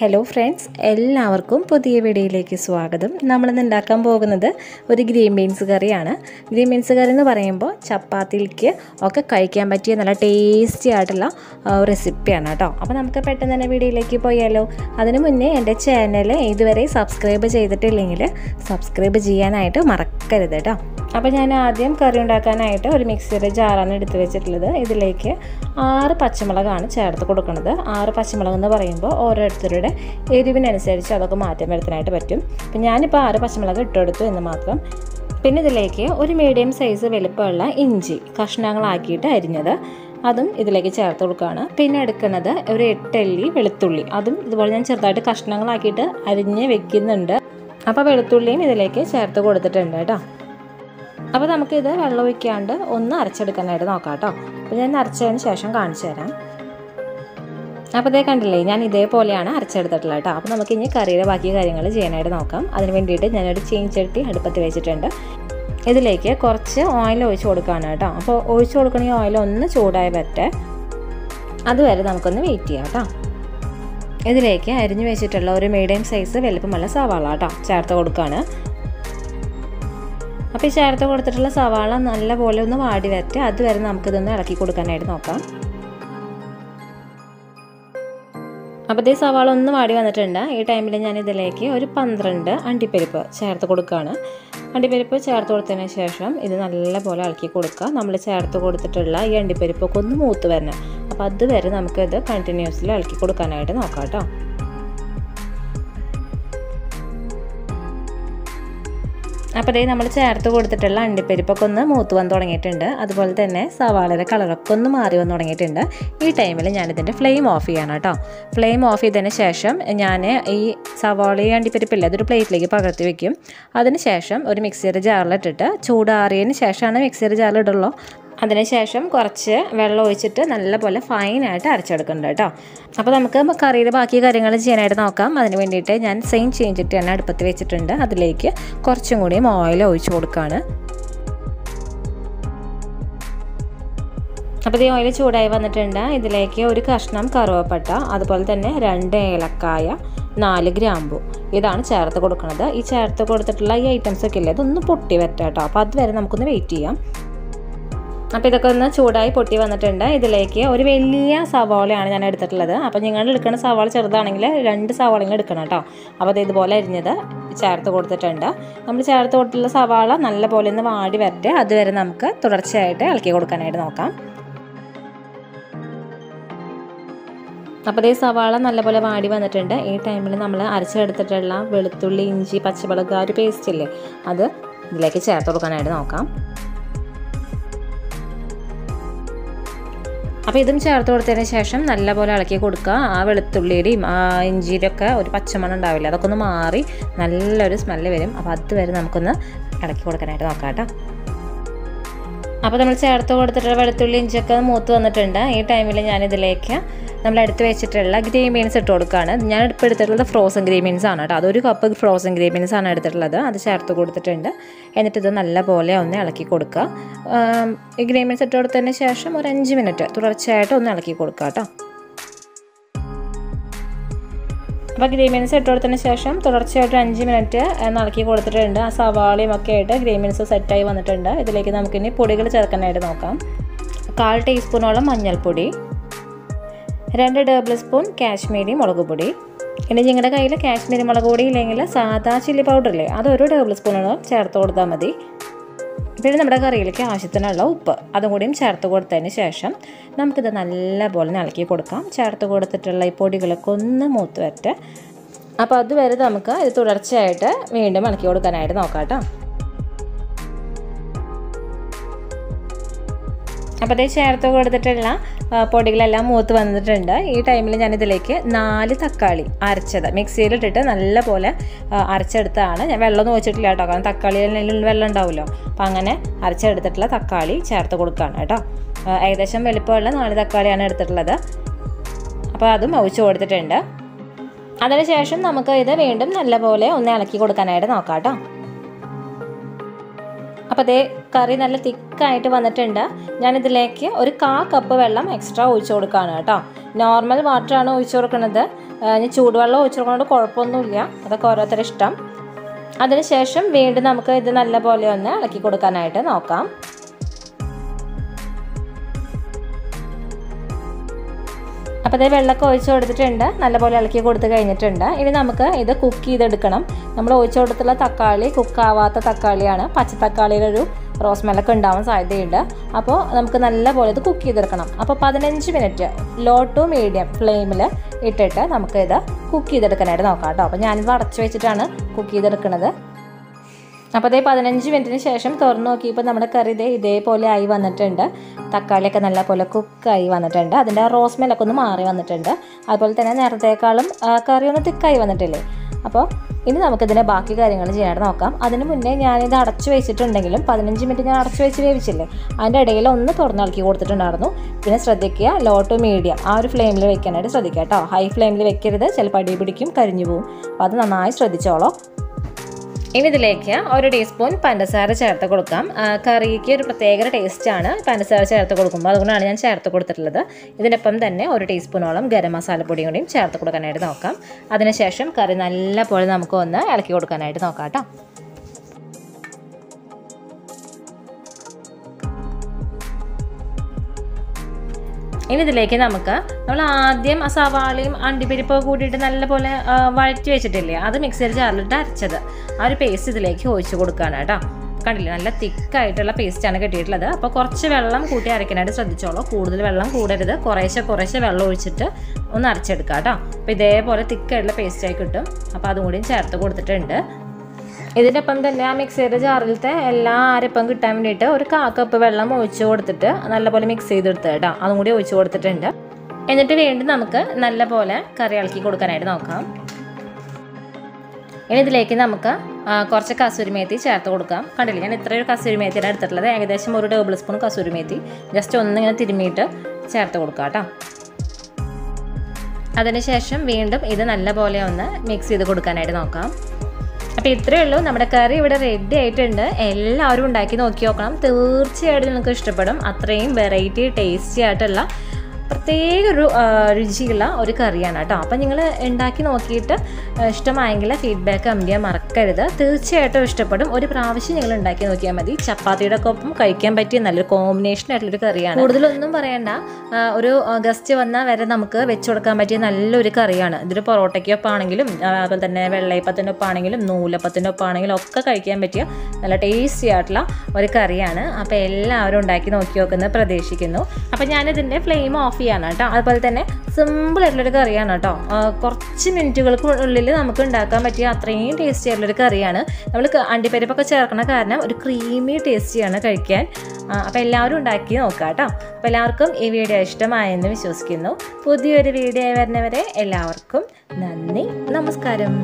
hello friends എല്ലാവർക്കും പുതിയ വീഡിയോയിലേക്ക് സ്വാഗതം നമ്മളിന്ന് ഉണ്ടാക്കാൻ പോകുന്നത് ഒരു ഗ്രീൻ ബീൻസ് കറിയാണ് ഗ്രീൻ ബീൻസ് കറി എന്ന് പറയുമ്പോൾ ചപ്പാത്തിക്ക് ഒക്കെ കഴിക്കാൻ പറ്റിയ നല്ല ടേസ്റ്റി ആയിട്ടുള്ള റെസിപ്പിയാണ് കേട്ടോ അപ്പോൾ നമുക്ക് പെട്ടെന്ന് തന്നെ വീഡിയോയിലേക്ക് പോയാലോ അതിനു മുന്നേ എൻ്റെ ചാനൽ ഇതുവരെ സബ്സ്ക്രൈബ് ചെയ്തിട്ടില്ലെങ്കിൽ സബ്സ്ക്രൈബ് ചെയ്യാനായിട്ട് മറക്കരുത് കേട്ടോ അപ്പോൾ ഞാൻ ആദ്യം കറി ഉണ്ടാക്കാനായിട്ട് ഒരു മിക്സിയുടെ ജാറാണ് എടുത്തു വെച്ചിട്ടുള്ളത് ഇതിലേക്ക് ആറ് പച്ചമുളകാണ് ചേർത്ത് കൊടുക്കുന്നത് ആറ് പച്ചമുളകെന്ന് പറയുമ്പോൾ ഓരോരുത്തരുടെ എരിവിനനുസരിച്ച് അതൊക്കെ മാറ്റം വരുത്താനായിട്ട് പറ്റും അപ്പം ഞാനിപ്പോൾ ആറ് പച്ചമുളക് ഇട്ടെടുത്തു എന്ന് മാത്രം പിന്നെ ഇതിലേക്ക് ഒരു മീഡിയം സൈസ് വലുപ്പമുള്ള ഇഞ്ചി കഷ്ണങ്ങളാക്കിയിട്ട് അരിഞ്ഞത് അതും ഇതിലേക്ക് ചേർത്ത് കൊടുക്കുകയാണ് പിന്നെ എടുക്കുന്നത് ഒരു എട്ടല്ലി വെളുത്തുള്ളി അതും ഇതുപോലെ ഞാൻ ചെറുതായിട്ട് കഷ്ണങ്ങളാക്കിയിട്ട് അരിഞ്ഞ് വെക്കുന്നുണ്ട് അപ്പോൾ വെളുത്തുള്ളിയും ഇതിലേക്ക് ചേർത്ത് കൊടുത്തിട്ടുണ്ട് കേട്ടോ അപ്പോൾ നമുക്കിത് വെള്ളം ഒഴിക്കാണ്ട് ഒന്ന് അരച്ചെടുക്കാനായിട്ട് നോക്കാം കേട്ടോ അപ്പോൾ ഞാൻ അരച്ചതിന് ശേഷം കാണിച്ചു തരാം അപ്പോൾ ഇതേ കണ്ടില്ലേ ഞാൻ ഇതേപോലെയാണ് അരച്ചെടുത്തിട്ടുള്ളത് കേട്ടോ അപ്പോൾ നമുക്ക് ഇനി കറിയുടെ ബാക്കി കാര്യങ്ങൾ ചെയ്യാനായിട്ട് നോക്കാം അതിന് വേണ്ടിയിട്ട് ഞാനൊരു ചട്ടി അടുപ്പത്ത് വെച്ചിട്ടുണ്ട് ഇതിലേക്ക് കുറച്ച് ഓയിൽ ഒഴിച്ച് കൊടുക്കാനാണ് കേട്ടോ അപ്പോൾ ഒഴിച്ച് കൊടുക്കണമെങ്കിൽ ഓയിൽ ഒന്ന് ചൂടായ പറ്റേ അതുവരെ നമുക്കൊന്ന് വെയിറ്റ് ചെയ്യാം കേട്ടോ ഇതിലേക്ക് അരിഞ്ഞു വെച്ചിട്ടുള്ള ഒരു മീഡിയം സൈസ് വലുപ്പമുള്ള സവാള കേട്ടോ ചേർത്ത് കൊടുക്കുകയാണ് അപ്പോൾ ഈ ചേർത്ത് കൊടുത്തിട്ടുള്ള സവാള നല്ലപോലെ ഒന്ന് വാടി വരട്ടെ അതുവരെ നമുക്കിതൊന്ന് ഇളക്കി കൊടുക്കാനായിട്ട് നോക്കാം അപ്പോൾ ഈ സവാള ഒന്ന് വാടി വന്നിട്ടുണ്ട് ഈ ടൈമിൽ ഞാൻ ഇതിലേക്ക് ഒരു പന്ത്രണ്ട് അണ്ടിപ്പരിപ്പ് ചേർത്ത് കൊടുക്കുകയാണ് അണ്ടിപ്പരിപ്പ് ചേർത്ത് കൊടുത്തതിന് ശേഷം ഇത് നല്ലപോലെ ഇളക്കി കൊടുക്കുക നമ്മൾ ചേർത്ത് കൊടുത്തിട്ടുള്ള ഈ അണ്ടിപ്പരിപ്പൊക്കെ ഒന്ന് മൂത്ത് വരണം അപ്പോൾ അതുവരെ നമുക്കിത് കണ്ടിന്യൂസിൽ ഇളക്കി കൊടുക്കാനായിട്ട് നോക്കാം കേട്ടോ അപ്പോൾ ഇതേ നമ്മൾ ചേർത്ത് കൊടുത്തിട്ടുള്ള അണ്ടിപ്പരിപ്പൊക്കെ ഒന്ന് മൂത്ത് വന്ന് തുടങ്ങിയിട്ടുണ്ട് അതുപോലെ തന്നെ സവാളയുടെ കളറൊക്കെ ഒന്ന് മാറി വന്ന് തുടങ്ങിയിട്ടുണ്ട് ഈ ടൈമിൽ ഞാനിതിൻ്റെ ഫ്ലെയിം ഓഫ് ചെയ്യണം കേട്ടോ ഫ്ലെയിം ഓഫ് ചെയ്തതിന് ശേഷം ഞാൻ ഈ സവാളയും അണ്ടിപ്പരിപ്പില്ല അതൊരു പ്ലേറ്റിലേക്ക് പകർത്തി വെക്കും അതിന് ശേഷം ഒരു മിക്സിയുടെ ജാറിലിട്ടിട്ട് ചൂടാറിയതിന് ശേഷമാണ് മിക്സിയുടെ ജാറിലിടുള്ളൂ അതിനുശേഷം കുറച്ച് വെള്ളം ഒഴിച്ചിട്ട് നല്ലപോലെ ഫൈനായിട്ട് അരച്ചെടുക്കുന്നുണ്ട് കേട്ടോ അപ്പോൾ നമുക്ക് കറിയുടെ ബാക്കി കാര്യങ്ങൾ ചെയ്യാനായിട്ട് നോക്കാം അതിന് വേണ്ടിയിട്ട് ഞാൻ സെയിം ചെയ്ഞ്ചിട്ട് തന്നെ അടുപ്പത്ത് വെച്ചിട്ടുണ്ട് അതിലേക്ക് കുറച്ചും കൂടിയും ഓയിൽ ഒഴിച്ചു കൊടുക്കുകയാണ് അപ്പോൾ ഈ ഓയിൽ ചൂടായി വന്നിട്ടുണ്ട് ഇതിലേക്ക് ഒരു കഷ്ണം കറുവപ്പട്ട അതുപോലെ തന്നെ രണ്ട് ഏലക്കായ നാല് ഗ്രാമ്പു ഇതാണ് ചേർത്ത് കൊടുക്കുന്നത് ഈ ചേർത്ത് കൊടുത്തിട്ടുള്ള ഈ ഐറ്റംസ് ഒക്കെ ഇല്ലേ ഇതൊന്ന് പൊട്ടി വരട്ടെ കേട്ടോ അപ്പോൾ അതുവരെ നമുക്കൊന്ന് വെയിറ്റ് ചെയ്യാം അപ്പോൾ ഇതൊക്കെ ഒന്ന് ചൂടായി പൊട്ടി വന്നിട്ടുണ്ട് ഇതിലേക്ക് ഒരു വലിയ സവാളയാണ് ഞാൻ എടുത്തിട്ടുള്ളത് അപ്പോൾ നിങ്ങൾ എടുക്കുന്ന സവാള ചെറുതാണെങ്കിൽ രണ്ട് സവാളയും എടുക്കണം കേട്ടോ അപ്പോൾ അത് ഇതുപോലെ അരിഞ്ഞത് ചേർത്ത് കൊടുത്തിട്ടുണ്ട് നമ്മൾ ചേർത്ത് കൊടുത്തിട്ടുള്ള സവാള നല്ല പോലെ ഒന്ന് വാടി വരട്ടെ അതുവരെ നമുക്ക് തുടർച്ചയായിട്ട് ഇളക്കി കൊടുക്കാനായിട്ട് നോക്കാം അപ്പോൾ ഈ സവാള നല്ലപോലെ വാടി വന്നിട്ടുണ്ട് ഈ ടൈമിൽ നമ്മൾ അരച്ചെടുത്തിട്ടുള്ള വെളുത്തുള്ളി ഇഞ്ചി പച്ചമുളക് ആ ഒരു പേസ്റ്റ് ഇല്ലേ അത് ഇതിലേക്ക് ചേർത്ത് കൊടുക്കാനായിട്ട് നോക്കാം അപ്പോൾ ഇതും ചേർത്ത് കൊടുത്തതിന് ശേഷം നല്ലപോലെ ഇളക്കി കൊടുക്കുക ആ വെളുത്തുള്ളിയുടെയും ആ ഇഞ്ചിയിലൊക്കെ ഒരു പച്ചമണം ഉണ്ടാവില്ല അതൊക്കെ ഒന്ന് മാറി നല്ലൊരു സ്മെല്ല് വരും അപ്പോൾ അതുവരെ നമുക്കൊന്ന് ഇളക്കി കൊടുക്കാനായിട്ട് നോക്കാം കേട്ടോ അപ്പോൾ നമ്മൾ ചേർത്ത് കൊടുത്തിട്ടുള്ള വെളുത്തുള്ളി ഇഞ്ചൊക്കെ മൂത്ത് വന്നിട്ടുണ്ട് ഈ ടൈമിൽ ഞാനിതിലേക്ക് നമ്മൾ എടുത്ത് വെച്ചിട്ടുള്ള ഗ്രീൻ ബീൻസ് ഇട്ട് കൊടുക്കുകയാണ് ഞാൻ ഇപ്പോൾ എടുത്തിട്ടുള്ളത് ഫ്രോസൺ ഗ്രീൻ ബീൻസ് ആണ് കേട്ടോ അതൊരു കപ്പ് ഫ്രോസൺ ഗ്രീൻ ബീൻസ് ആണ് എടുത്തിട്ടുള്ളത് അത് ചേർത്ത് കൊടുത്തിട്ടുണ്ട് എന്നിട്ട് ഇത് നല്ലപോലെ ഒന്ന് ഇളക്കി കൊടുക്കുക ഈ ഗ്രീൻ ബീൻസ് ഇട്ട് കൊടുത്തതിന് ശേഷം ഒരു അഞ്ച് മിനിറ്റ് തുടർച്ചയായിട്ട് ഒന്ന് ഇളക്കി കൊടുക്കുക കേട്ടോ അപ്പോൾ ഗ്രീമിയൻസ് ഇട്ട് കൊടുത്തതിന് ശേഷം തുടർച്ചയായിട്ട് അഞ്ച് മിനിറ്റ് നടക്കി കൊടുത്തിട്ടുണ്ട് ആ സവാളയും ഒക്കെ ആയിട്ട് ഗ്രീമിയൻസ് സെറ്റായി വന്നിട്ടുണ്ട് ഇതിലേക്ക് നമുക്കിനി പൊടികൾ ചേർക്കാനായിട്ട് നോക്കാം കാൽ ടീസ്പൂണോളം മഞ്ഞൾപ്പൊടി രണ്ട് ടേബിൾ സ്പൂൺ കാശ്മീരി മുളക് പൊടി ഇനി നിങ്ങളുടെ കയ്യിൽ കാശ്മീരി മുളക് പൊടി ഇല്ലെങ്കിൽ സാധാ ചില്ലി പൗഡർ ഇല്ലേ അതൊരു ടേബിൾ സ്പൂണോളം ചേർത്ത് കൊടുത്താൽ മതി പിന്നെ നമ്മുടെ കറിയിലേക്ക് ആവശ്യത്തിനുള്ള ഉപ്പ് അതും കൂടിയും ചേർത്ത് കൊടുത്തതിന് ശേഷം നമുക്കിത് നല്ലപോലെ നിളക്കി കൊടുക്കാം ചേർത്ത് കൊടുത്തിട്ടുള്ള ഈ പൊടികളൊക്കെ ഒന്ന് മൂത്ത് വരട്ടെ അപ്പോൾ അതുവരെ നമുക്ക് ഇത് തുടർച്ചയായിട്ട് വീണ്ടും ഇളക്കി കൊടുക്കാനായിട്ട് നോക്കാം കേട്ടോ അപ്പോൾ അതേ ചേർത്ത് കൊടുത്തിട്ടുള്ള പൊടികളെല്ലാം മൂത്ത് വന്നിട്ടുണ്ട് ഈ ടൈമിൽ ഞാനിതിലേക്ക് നാല് തക്കാളി അരച്ചത് മിക്സിയിലിട്ടിട്ട് നല്ല പോലെ അരച്ചെടുത്തതാണ് ഞാൻ വെള്ളം ഒഴിച്ചിട്ടില്ല കേട്ടോ കാരണം തക്കാളിയിൽ വെള്ളം ഉണ്ടാവുമല്ലോ അപ്പോൾ അങ്ങനെ അരച്ചെടുത്തിട്ടുള്ള തക്കാളി ചേർത്ത് കൊടുക്കുകയാണ് കേട്ടോ ഏകദേശം വലുപ്പമുള്ള നാല് തക്കാളിയാണ് എടുത്തിട്ടുള്ളത് അപ്പോൾ അതും മൗച്ച് കൊടുത്തിട്ടുണ്ട് അതിനുശേഷം നമുക്ക് ഇത് വീണ്ടും നല്ലപോലെ ഒന്ന് ഇളക്കി കൊടുക്കാനായിട്ട് നോക്കാം കേട്ടോ അപ്പോൾ അതേ കറി നല്ല തിക്കായിട്ട് വന്നിട്ടുണ്ട് ഞാനിതിലേക്ക് ഒരു കാ കപ്പ് വെള്ളം എക്സ്ട്രാ ഒഴിച്ചു കൊടുക്കുകയാണ് കേട്ടോ നോർമൽ വാട്ടറാണ് ഒഴിച്ചു കൊടുക്കുന്നത് ഇനി ചൂടുവെള്ളം ഒഴിച്ചു കൊടുക്കുന്നത് കുഴപ്പമൊന്നുമില്ല അതൊക്കെ ഓരോരുത്തരുടെ ഇഷ്ടം അതിനുശേഷം വീണ്ടും നമുക്ക് ഇത് നല്ലപോലെ ഒന്ന് ഇളക്കി കൊടുക്കാനായിട്ട് നോക്കാം അപ്പോൾ അതേ വെള്ളമൊക്കെ ഒഴിച്ചു കൊടുത്തിട്ടുണ്ട് നല്ലപോലെ ഇളക്കി കൊടുത്ത് കഴിഞ്ഞിട്ടുണ്ട് ഇനി നമുക്ക് ഇത് കുക്ക് ചെയ്തെടുക്കണം നമ്മൾ ഒഴിച്ചു കൊടുത്തുള്ള തക്കാളി കുക്കാവാത്ത തക്കാളിയാണ് പച്ചത്തക്കാളിയുടെ ഒരു മെല്ലൊക്കെ ഉണ്ടാവാൻ സാധ്യതയുണ്ട് അപ്പോൾ നമുക്ക് നല്ലപോലെ ഇത് കുക്ക് ചെയ്തെടുക്കണം അപ്പോൾ പതിനഞ്ച് മിനിറ്റ് ലോ ടു മീഡിയം ഫ്ലെയിമിൽ ഇട്ടിട്ട് നമുക്കിത് കുക്ക് ചെയ്തെടുക്കാനായിട്ട് നോക്കാം കേട്ടോ അപ്പോൾ ഞാനിത് അടച്ചു വെച്ചിട്ടാണ് കുക്ക് ചെയ്തെടുക്കുന്നത് അപ്പോൾ അതേ പതിനഞ്ച് മിനിറ്റിന് ശേഷം തുറന്നു നോക്കിയപ്പോൾ നമ്മുടെ കറി ഇതേ ഇതേപോലെ ആയി വന്നിട്ടുണ്ട് തക്കാളിയൊക്കെ നല്ല പോലെ കുക്കായി വന്നിട്ടുണ്ട് അതിൻ്റെ റോസ്മെല്ലൊക്കെ ഒന്ന് മാറി വന്നിട്ടുണ്ട് അതുപോലെ തന്നെ നേരത്തേക്കാളും കറി ഒന്ന് തിക്കായി വന്നിട്ടില്ലേ അപ്പോൾ ഇനി നമുക്കിതിൻ്റെ ബാക്കി കാര്യങ്ങൾ ചെയ്യാനായിട്ട് നോക്കാം അതിന് മുന്നേ ഞാനിത് അടച്ചു വെച്ചിട്ടുണ്ടെങ്കിലും പതിനഞ്ച് മിനിറ്റ് ഞാൻ അടച്ചു വെച്ച് വേവിച്ചില്ലേ അതിൻ്റെ ഇടയിൽ ഒന്ന് തുറന്നിളക്കി കൊടുത്തിട്ടുണ്ടായിരുന്നു പിന്നെ ശ്രദ്ധിക്കുക ലോ ടു മീഡിയം ആ ഒരു ഫ്ലെയിമിൽ വെക്കാനായിട്ട് ശ്രദ്ധിക്കുക കേട്ടോ ഹൈ ഫ്ലെയിമിൽ വെക്കരുത് ചിലപ്പോൾ അടി പിടിക്കും കരിഞ്ഞു പോകും അപ്പോൾ അത് നന്നായി ശ്രദ്ധിച്ചോളൂ ഇനി ഇതിലേക്ക് ഒരു ടീസ്പൂൺ പഞ്ചസാര ചേർത്ത് കൊടുക്കാം കറിക്ക് ഒരു പ്രത്യേക ടേസ്റ്റാണ് പഞ്ചസാര ചേർത്ത് കൊടുക്കുമ്പോൾ അതുകൊണ്ടാണ് ഞാൻ ചേർത്ത് കൊടുത്തിട്ടുള്ളത് ഇതിനൊപ്പം തന്നെ ഒരു ടീസ്പൂണോളം ഗരം മസാലപ്പൊടിയും കൂടിയും ചേർത്ത് കൊടുക്കാനായിട്ട് നോക്കാം അതിനുശേഷം കറി നല്ലപോലെ നമുക്ക് ഒന്ന് ഇളക്കി കൊടുക്കാനായിട്ട് നോക്കാം കേട്ടോ ഇനി ഇതിലേക്ക് നമുക്ക് നമ്മൾ ആദ്യം ആ സവാളയും കൂടിയിട്ട് കൂട്ടിയിട്ട് നല്ലപോലെ വഴറ്റി വെച്ചിട്ടില്ലേ അത് മിക്സിയിൽ ചാറിലിട്ട് അരച്ചത് ആ ഒരു പേസ്റ്റ് ഇതിലേക്ക് ഒഴിച്ചു കൊടുക്കുകയാണ് കേട്ടോ കണ്ടില്ലേ നല്ല തിക്കായിട്ടുള്ള പേസ്റ്റാണ് കിട്ടിയിട്ടുള്ളത് അപ്പോൾ കുറച്ച് വെള്ളം കൂട്ടി അരയ്ക്കാനായിട്ട് ശ്രദ്ധിച്ചോളൂ കൂടുതൽ വെള്ളം കൂടരുത് കുറേശ്ശെ കുറേശ്ശെ വെള്ളം ഒഴിച്ചിട്ട് ഒന്ന് അരച്ചെടുക്കാം കേട്ടോ അപ്പോൾ ഇതേപോലെ തിക്കായിട്ടുള്ള പേസ്റ്റായി കിട്ടും അപ്പോൾ അതും കൂടിയും ചേർത്ത് കൊടുത്തിട്ടുണ്ട് ഇതിനൊപ്പം തന്നെ ആ മിക്സിയുടെ ജാറിലത്തെ എല്ലാ അരപ്പം കിട്ടാൻ വേണ്ടിയിട്ട് ഒരു കാ കപ്പ് വെള്ളം ഒഴിച്ച് കൊടുത്തിട്ട് നല്ലപോലെ മിക്സ് ചെയ്തെടുത്ത് കേട്ടോ അതും കൂടി ഒഴിച്ച് കൊടുത്തിട്ടുണ്ട് എന്നിട്ട് വീണ്ടും നമുക്ക് നല്ലപോലെ കറി ഇളക്കി കൊടുക്കാനായിട്ട് നോക്കാം ഇനി ഇതിലേക്ക് നമുക്ക് കുറച്ച് കസൂരിമേത്തി ചേർത്ത് കൊടുക്കാം കണ്ടില്ല ഞാൻ ഇത്രയൊരു കസൂരിമേത്തിയാണ് എടുത്തിട്ടുള്ളത് ഏകദേശം ഒരു ടേബിൾ സ്പൂൺ കസൂരിമേത്തി ജസ്റ്റ് ഒന്നിങ്ങനെ തിരുമ്മിയിട്ട് ചേർത്ത് കൊടുക്കാം കേട്ടോ അതിനുശേഷം വീണ്ടും ഇത് നല്ലപോലെ ഒന്ന് മിക്സ് ചെയ്ത് കൊടുക്കാനായിട്ട് നോക്കാം അപ്പോൾ ഇത്രയേ ഉള്ളൂ നമ്മുടെ കറി ഇവിടെ റെഡി ആയിട്ടുണ്ട് എല്ലാവരും ഉണ്ടാക്കി നോക്കി നോക്കണം തീർച്ചയായിട്ടും നിങ്ങൾക്ക് ഇഷ്ടപ്പെടും അത്രയും വെറൈറ്റി ടേസ്റ്റി ആയിട്ടുള്ള പ്രത്യേക ഒരു രുചിയുള്ള ഒരു കറിയാണ് കേട്ടോ അപ്പം നിങ്ങൾ ഉണ്ടാക്കി നോക്കിയിട്ട് ഇഷ്ടമായെങ്കിൽ ഫീഡ്ബാക്ക് കമൻറ്റ് ചെയ്യാൻ മറക്കരുത് തീർച്ചയായിട്ടും ഇഷ്ടപ്പെടും ഒരു പ്രാവശ്യം നിങ്ങൾ ഉണ്ടാക്കി നോക്കിയാൽ മതി ചപ്പാത്തിയുടെ ഒപ്പം കഴിക്കാൻ പറ്റിയ നല്ലൊരു കോമ്പിനേഷൻ ആയിട്ടുള്ളൊരു കറിയാണ് കൂടുതലൊന്നും പറയണ്ട ഒരു ഗസ്റ്റ് വന്നാൽ വരെ നമുക്ക് വെച്ചു കൊടുക്കാൻ പറ്റിയ നല്ലൊരു കറിയാണ് ഇതൊരു പൊറോട്ടയ്ക്കൊപ്പാണെങ്കിലും അതുപോലെ തന്നെ നൂലപ്പത്തിൻ്റെ ഒപ്പാണെങ്കിലും ഒക്കെ കഴിക്കാൻ പറ്റിയ നല്ല ടേസ്റ്റി ആയിട്ടുള്ള ഒരു കറിയാണ് അപ്പോൾ എല്ലാവരും ഉണ്ടാക്കി നോക്കി നോക്കുന്നത് പ്രതീക്ഷിക്കുന്നു അപ്പോൾ ഞാനിതിൻ്റെ ഫ്ലെയിം ഓഫ് ഓഫ് ചെയ്യാണ് കേട്ടോ അതുപോലെ തന്നെ സിമ്പിൾ ആയിട്ടുള്ളൊരു കറിയാണ് കേട്ടോ കുറച്ച് മിനിറ്റുകൾക്കുള്ളിൽ നമുക്ക് ഉണ്ടാക്കാൻ പറ്റിയ അത്രയും ടേസ്റ്റി ആയിട്ടുള്ളൊരു കറിയാണ് നമ്മൾ അണ്ടിപ്പരിപ്പൊക്കെ ചേർക്കണ കാരണം ഒരു ക്രീമി ടേസ്റ്റിയാണ് കഴിക്കാൻ അപ്പോൾ എല്ലാവരും ഉണ്ടാക്കി നോക്കുക കേട്ടോ അപ്പോൾ എല്ലാവർക്കും ഈ വീഡിയോ ഇഷ്ടമായെന്ന് വിശ്വസിക്കുന്നു പുതിയൊരു വീഡിയോ വരുന്നവരെ എല്ലാവർക്കും നന്ദി നമസ്കാരം